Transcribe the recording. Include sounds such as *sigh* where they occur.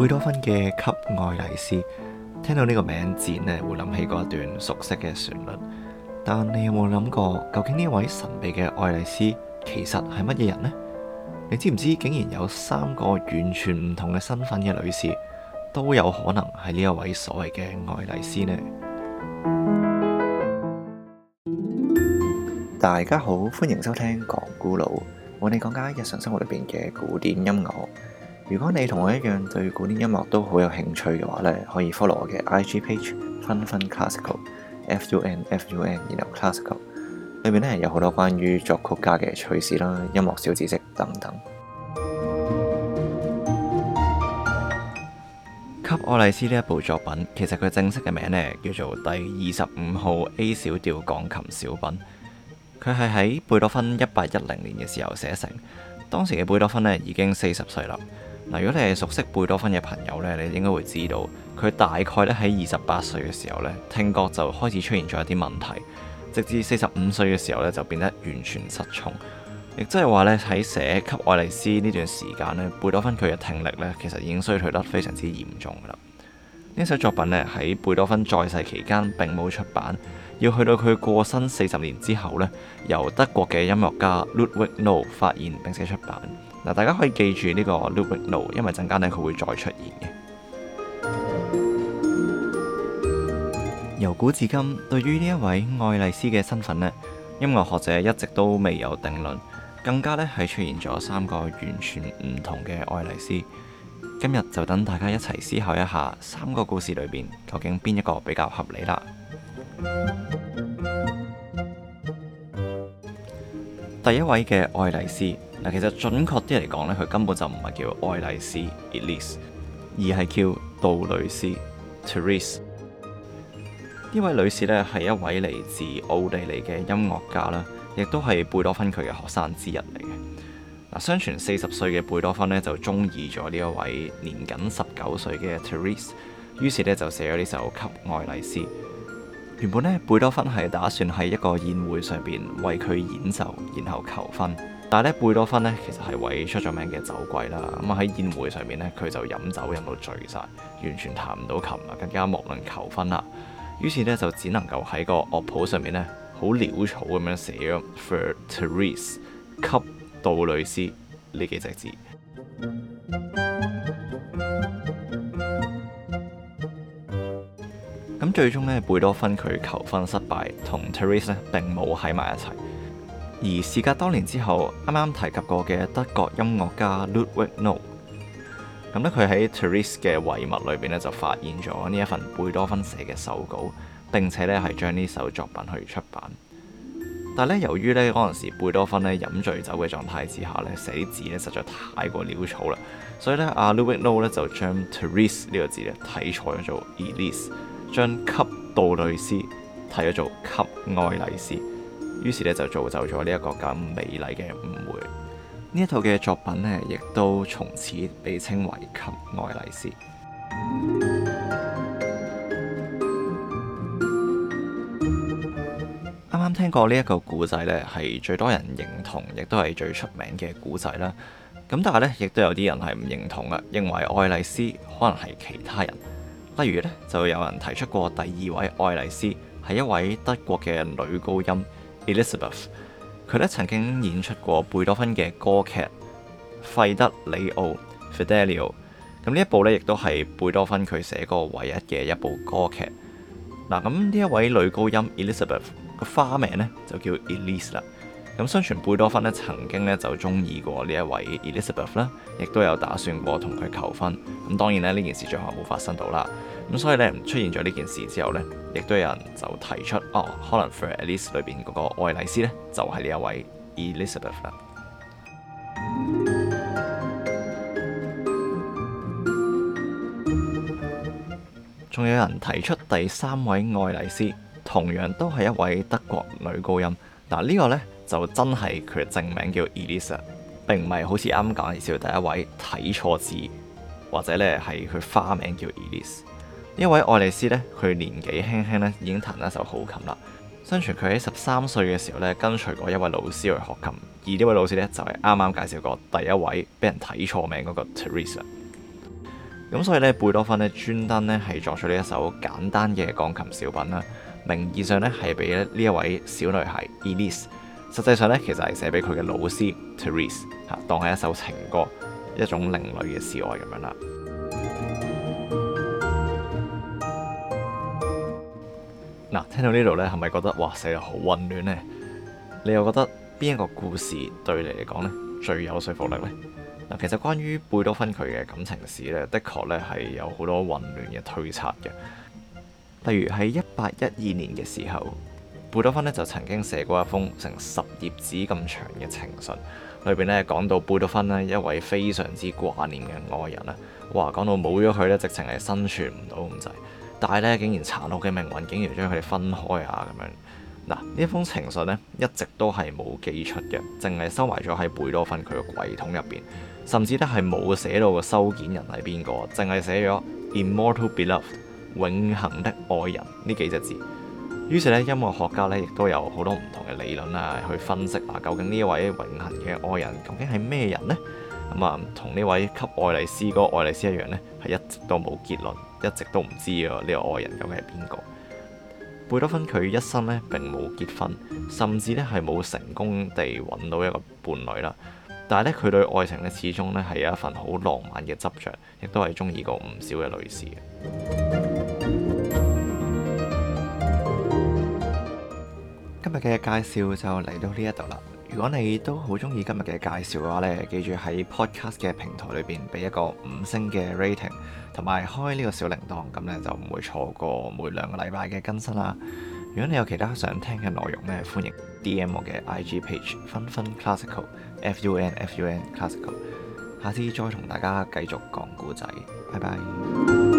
貝多芬嘅《給愛麗絲》，聽到呢個名字呢，會諗起嗰一段熟悉嘅旋律。但你有冇諗過，究竟呢位神秘嘅愛麗絲，其實係乜嘢人呢？你知唔知，竟然有三個完全唔同嘅身份嘅女士，都有可能係呢一位所謂嘅愛麗絲呢？大家好，歡迎收聽《講古佬》，我哋講解日常生活裏面嘅古典音樂。如果你同我一樣對古典音樂都好有興趣嘅話呢，可以 follow 我嘅 IG page Fun Fun Classical, F U N, F U N, Classical F U N F U N，然後 Classical 裏面呢，有好多關於作曲家嘅趣事啦、音樂小知識等等。《給愛麗絲》呢一部作品，其實佢正式嘅名呢，叫做第二十五號 A 小調鋼琴小品。佢係喺貝多芬一八一零年嘅時候寫成，當時嘅貝多芬呢已經四十歲啦。嗱，如果你係熟悉貝多芬嘅朋友呢，你應該會知道，佢大概咧喺二十八歲嘅時候呢，聽覺就開始出現咗一啲問題，直至四十五歲嘅時候呢，就變得完全失聰，亦即係話呢喺寫《給愛麗絲》呢段時間呢，貝多芬佢嘅聽力呢，其實已經衰退得非常之嚴重㗎啦。呢首作品咧喺貝多芬在世期間並冇出版，要去到佢過身四十年之後咧，由德國嘅音樂家 Ludwig No 發現並且出版。嗱，大家可以記住呢個 Ludwig No，因為陣間咧佢會再出現嘅。由古至今，對於呢一位愛麗絲嘅身份咧，音樂學者一直都未有定論，更加咧係出現咗三個完全唔同嘅愛麗絲。今日就等大家一齊思考一下，三個故事裏邊究竟邊一個比較合理啦。第一位嘅愛麗絲，嗱其實準確啲嚟講咧，佢根本就唔係叫愛麗絲 e l s i 而係叫杜蕾斯 （Theresa）。呢位女士咧係一位嚟自奧地利嘅音樂家啦，亦都係貝多芬佢嘅學生之一嚟嘅。嗱，相傳四十歲嘅貝多芬呢，就中意咗呢一位年僅十九歲嘅 Therese，於是呢，就寫咗呢首《給愛麗絲》。原本呢，貝多芬係打算喺一個宴會上邊為佢演奏，然後求婚。但係呢，貝多芬呢，其實係位出咗名嘅酒鬼啦。咁啊喺宴會上面呢，佢就飲酒飲到醉晒，完全彈唔到琴啊，更加莫論求婚啦。於是呢，就只能夠喺個樂譜上面呢，好潦草咁樣寫咗《For Therese》給杜蕾斯呢幾隻字。咁最終呢，貝多芬佢求婚失敗，同 Teresa 並冇喺埋一齊。而事隔多年之後，啱啱提及過嘅德國音樂家 Ludwig Nol，咁呢，佢喺 Teresa 嘅遺物裏邊呢，就發現咗呢一份貝多芬寫嘅手稿，並且呢係將呢首作品去出版。但咧，由於咧嗰陣時貝多芬咧飲醉酒嘅狀態之下咧寫字咧實在太過潦草啦，所以咧阿 Louis Low 咧就將 Therese 呢個字咧睇錯咗做 Elise，將給杜蕾斯睇咗做給愛麗絲，於是咧就造就咗呢一個咁美麗嘅誤會。呢一套嘅作品咧，亦都從此被稱為《給愛麗絲》。個呢一個故仔呢，係最多人認同，亦都係最出名嘅故仔啦。咁但係呢，亦都有啲人係唔認同啊，認為愛麗絲可能係其他人。例如呢，就有人提出過第二位愛麗絲係一位德國嘅女高音 Elizabeth，佢呢曾經演出過貝多芬嘅歌劇費德里奧 Fidelio。咁呢一部呢，亦都係貝多芬佢寫過唯一嘅一部歌劇。嗱，咁呢一位女高音 Elizabeth。個花名呢就叫 Elise 啦。咁相傳貝多芬咧曾經呢就中意過呢一位 Elizabeth 啦，亦都有打算過同佢求婚。咁當然咧呢件事最後冇發生到啦。咁所以呢，出現咗呢件事之後呢，亦都有人就提出哦，可能《For Elise》裏邊嗰個愛麗絲呢，就係呢一位 Elizabeth 啦。仲 *music* 有人提出第三位愛麗絲。同樣都係一位德國女高音，嗱呢個呢就真係佢嘅正名叫 Elisa，並唔係好似啱啱講介紹第一位睇錯字，或者呢係佢花名叫 Elise。呢位愛麗絲呢，佢年紀輕輕呢已經彈得一首好琴啦。相傳佢喺十三歲嘅時候呢，跟隨過一位老師去學琴，而呢位老師呢，就係啱啱介紹過第一位俾人睇錯名嗰個 Teresa。咁所以呢，貝多芬呢專登呢，係作出呢一首簡單嘅鋼琴小品啦。名義上咧係俾呢一位小女孩 Elise，實際上咧其實係寫俾佢嘅老師 Therese 嚇，當係一首情歌，一種另類嘅示愛咁樣啦。嗱， *music* 聽到呢度咧，係咪覺得哇寫得好混亂呢？你又覺得邊一個故事對你嚟講呢最有說服力呢？嗱，其實關於貝多芬佢嘅感情史咧，的確咧係有好多混亂嘅推測嘅。例如喺一八一二年嘅時候，貝多芬呢就曾經寫過一封成十頁紙咁長嘅情信，裏邊呢講到貝多芬呢一位非常之掛念嘅愛人啊，哇講到冇咗佢呢，直情係生存唔到咁滯。但係呢，竟然殘酷嘅命運竟然將佢哋分開啊咁樣。嗱，呢一封情信呢一直都係冇寄出嘅，淨係收埋咗喺貝多芬佢嘅櫃桶入邊，甚至呢係冇寫到個收件人係邊個，淨係寫咗 Immortal Beloved。永恆的愛人呢幾隻字，於是呢音樂學家呢，亦都有好多唔同嘅理論啦，去分析啊。究竟呢一位永恆嘅愛人，究竟係咩人呢？咁啊，同呢位給愛麗絲嗰個愛麗絲一樣呢係一直都冇結論，一直都唔知啊呢個愛人究竟係邊個。貝多芬佢一生呢，並冇結婚，甚至呢係冇成功地揾到一個伴侶啦。但係呢，佢對愛情咧始終呢，係有一份好浪漫嘅執着，亦都係中意過唔少嘅女士。今日嘅介紹就嚟到呢一度啦。如果你都好中意今日嘅介紹嘅話呢，記住喺 Podcast 嘅平台裏邊俾一個五星嘅 rating，同埋開呢個小鈴鐺，咁呢就唔會錯過每兩個禮拜嘅更新啦。如果你有其他想聽嘅內容呢，歡迎 DM 我嘅 IG page fun fun classical fun fun classical Class。下次再同大家繼續講故仔，拜拜。